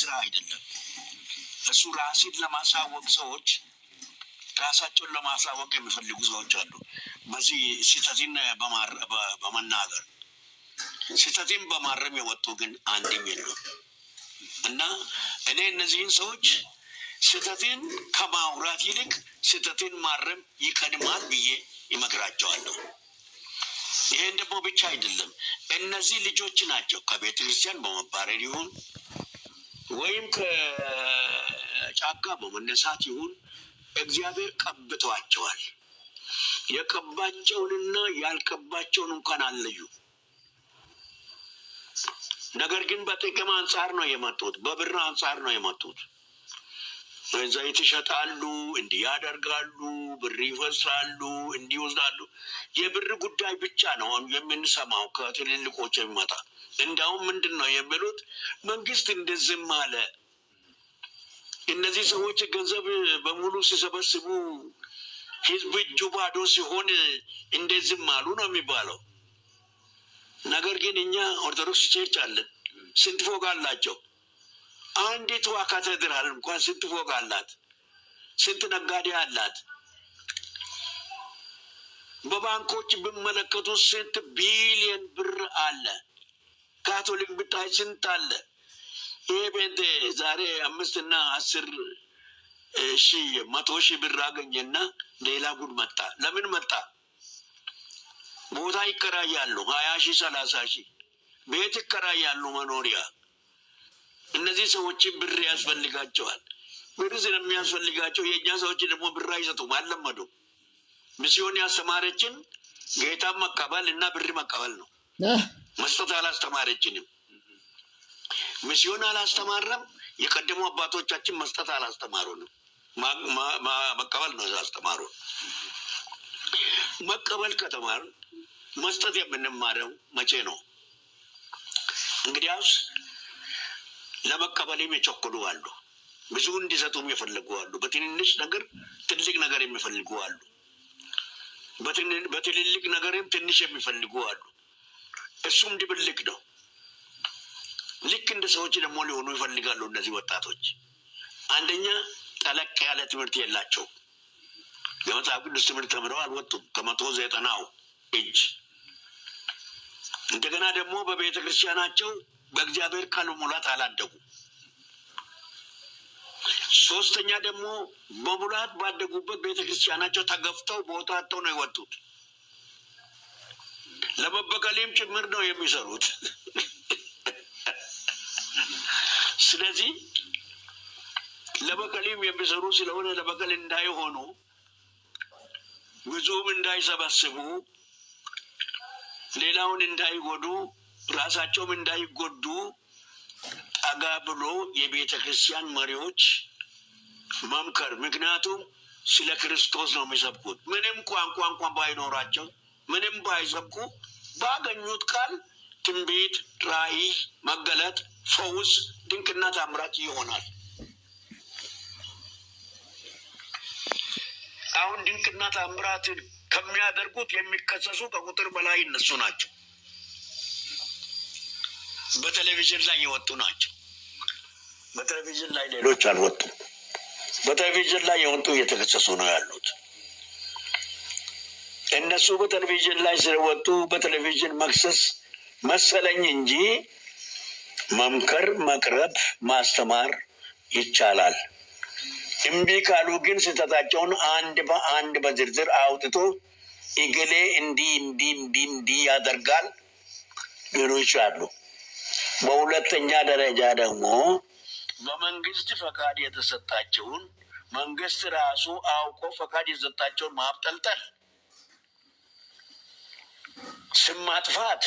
ስራ አይደለም። እሱ ራሴን ለማሳወቅ ሰዎች ራሳቸውን ለማሳወቅ የሚፈልጉ ሰዎች አሉ። በዚህ ስህተትን በመናገር ስህተትን በማረም የወጡ ግን አንድም የሉም እና እኔ እነዚህን ሰዎች ስህተትን ከማውራት ይልቅ ስህተትን ማረም ይቀድማል ብዬ ይመክራቸዋለሁ። ይሄን ደግሞ ብቻ አይደለም፣ እነዚህ ልጆች ናቸው ከቤተ ክርስቲያን በመባረር ይሁን ወይም ከጫካ በመነሳት ይሁን እግዚአብሔር ቀብተዋቸዋል። የቀባቸውንና ያልቀባቸውን እንኳን አለዩ። ነገር ግን በጥቅም አንጻር ነው የመጡት፣ በብር አንጻር ነው የመጡት። ዘይት ይሸጣሉ፣ እንዲህ ያደርጋሉ፣ ብር ይፈስራሉ፣ እንዲህ ይወስዳሉ። የብር ጉዳይ ብቻ ነው የምንሰማው ከትልልቆች የሚመጣ። እንዲያውም ምንድን ነው የሚሉት መንግስት እንደዝም አለ እነዚህ ሰዎች ገንዘብ በሙሉ ሲሰበስቡ ህዝብ እጁ ባዶ ሲሆን እንደዝም አሉ ነው የሚባለው። ነገር ግን እኛ ኦርቶዶክስ ቸርች አለን። ስንት ፎቅ አላቸው? አንዲቷ ካቴድራል እንኳን ስንት ፎቅ አላት? ስንት ነጋዴ አላት? በባንኮች ብመለከቱ ስንት ቢሊየን ብር አለ? ካቶሊክ ብታይ ስንት አለ? ይሄ ቤንቴ ዛሬ አምስትና አስር ሺ መቶ ሺ ብር አገኘና ሌላ ጉድ መጣ። ለምን መጣ? ቦታ ይከራያሉ፣ ሀያ ሺ ሰላሳ ሺ ቤት ይከራያሉ መኖሪያ እነዚህ ሰዎች ብር ያስፈልጋቸዋል። ብር ስለሚያስፈልጋቸው የእኛ ሰዎች ደግሞ ብር አይሰጡም፣ አልለመዱም። ሚስዮን ያስተማረችን ጌታ መቀበል እና ብር መቀበል ነው። መስጠት አላስተማረችንም። ሚስዮን አላስተማረም። የቀደሙ አባቶቻችን መስጠት አላስተማሩንም፣ መቀበል ነው አስተማሩ። መቀበል ከተማር መስጠት የምንማረው መቼ ነው? እንግዲያውስ ለመቀበልም የቸኮሉ አሉ። ብዙ እንዲሰጡም የፈለጉ አሉ። በትንንሽ ነገር ትልቅ ነገር የሚፈልጉ አሉ። በትልልቅ ነገርም ትንሽ የሚፈልጉ አሉ። እሱም ድብልቅ ነው። ልክ እንደ ሰዎች ደግሞ ሊሆኑ ይፈልጋሉ። እነዚህ ወጣቶች አንደኛ ጠለቅ ያለ ትምህርት የላቸው። የመጽሐፍ ቅዱስ ትምህርት ተምረው አልወጡም ከመቶ ዘጠናው እጅ እንደገና ደግሞ በቤተ ክርስቲያናቸው በእግዚአብሔር ቃል ሙላት አላደጉ። ሶስተኛ ደግሞ በሙላት ባደጉበት ቤተ ክርስቲያናቸው ተገፍተው ቦታ አጥተው ነው የወጡት። ለመበቀሌም ጭምር ነው የሚሰሩት። ስለዚህ ለበቀሌም የሚሰሩ ስለሆነ ለበቀል እንዳይሆኑ ብዙም እንዳይሰበስቡ ሌላውን እንዳይጎዱ ራሳቸውም እንዳይጎዱ ጠጋ ብሎ የቤተ ክርስቲያን መሪዎች መምከር። ምክንያቱም ስለ ክርስቶስ ነው የሚሰብኩት። ምንም ቋንቋ እንኳን ባይኖራቸው፣ ምንም ባይሰብኩ ባገኙት ቃል ትንቢት፣ ራእይ፣ መገለጥ፣ ፈውስ፣ ድንቅና ታምራት ይሆናል። አሁን ድንቅና ታምራትን ከሚያደርጉት የሚከሰሱ ከቁጥር በላይ እነሱ ናቸው። በቴሌቪዥን ላይ የወጡ ናቸው። በቴሌቪዥን ላይ ሌሎች አልወጡም። በቴሌቪዥን ላይ የወጡ እየተከሰሱ ነው ያሉት። እነሱ በቴሌቪዥን ላይ ስለወጡ በቴሌቪዥን መክሰስ መሰለኝ እንጂ መምከር፣ መቅረብ፣ ማስተማር ይቻላል። እምቢ ካሉ ግን ስህተታቸውን አንድ በአንድ በዝርዝር አውጥቶ እገሌ እንዲህ እንዲህ እንዲህ እንዲህ ያደርጋል ሊሉ ይችላሉ። በሁለተኛ ደረጃ ደግሞ በመንግስት ፈቃድ የተሰጣቸውን መንግስት ራሱ አውቆ ፈቃድ የሰጣቸውን ማብጠልጠል፣ ስም ማጥፋት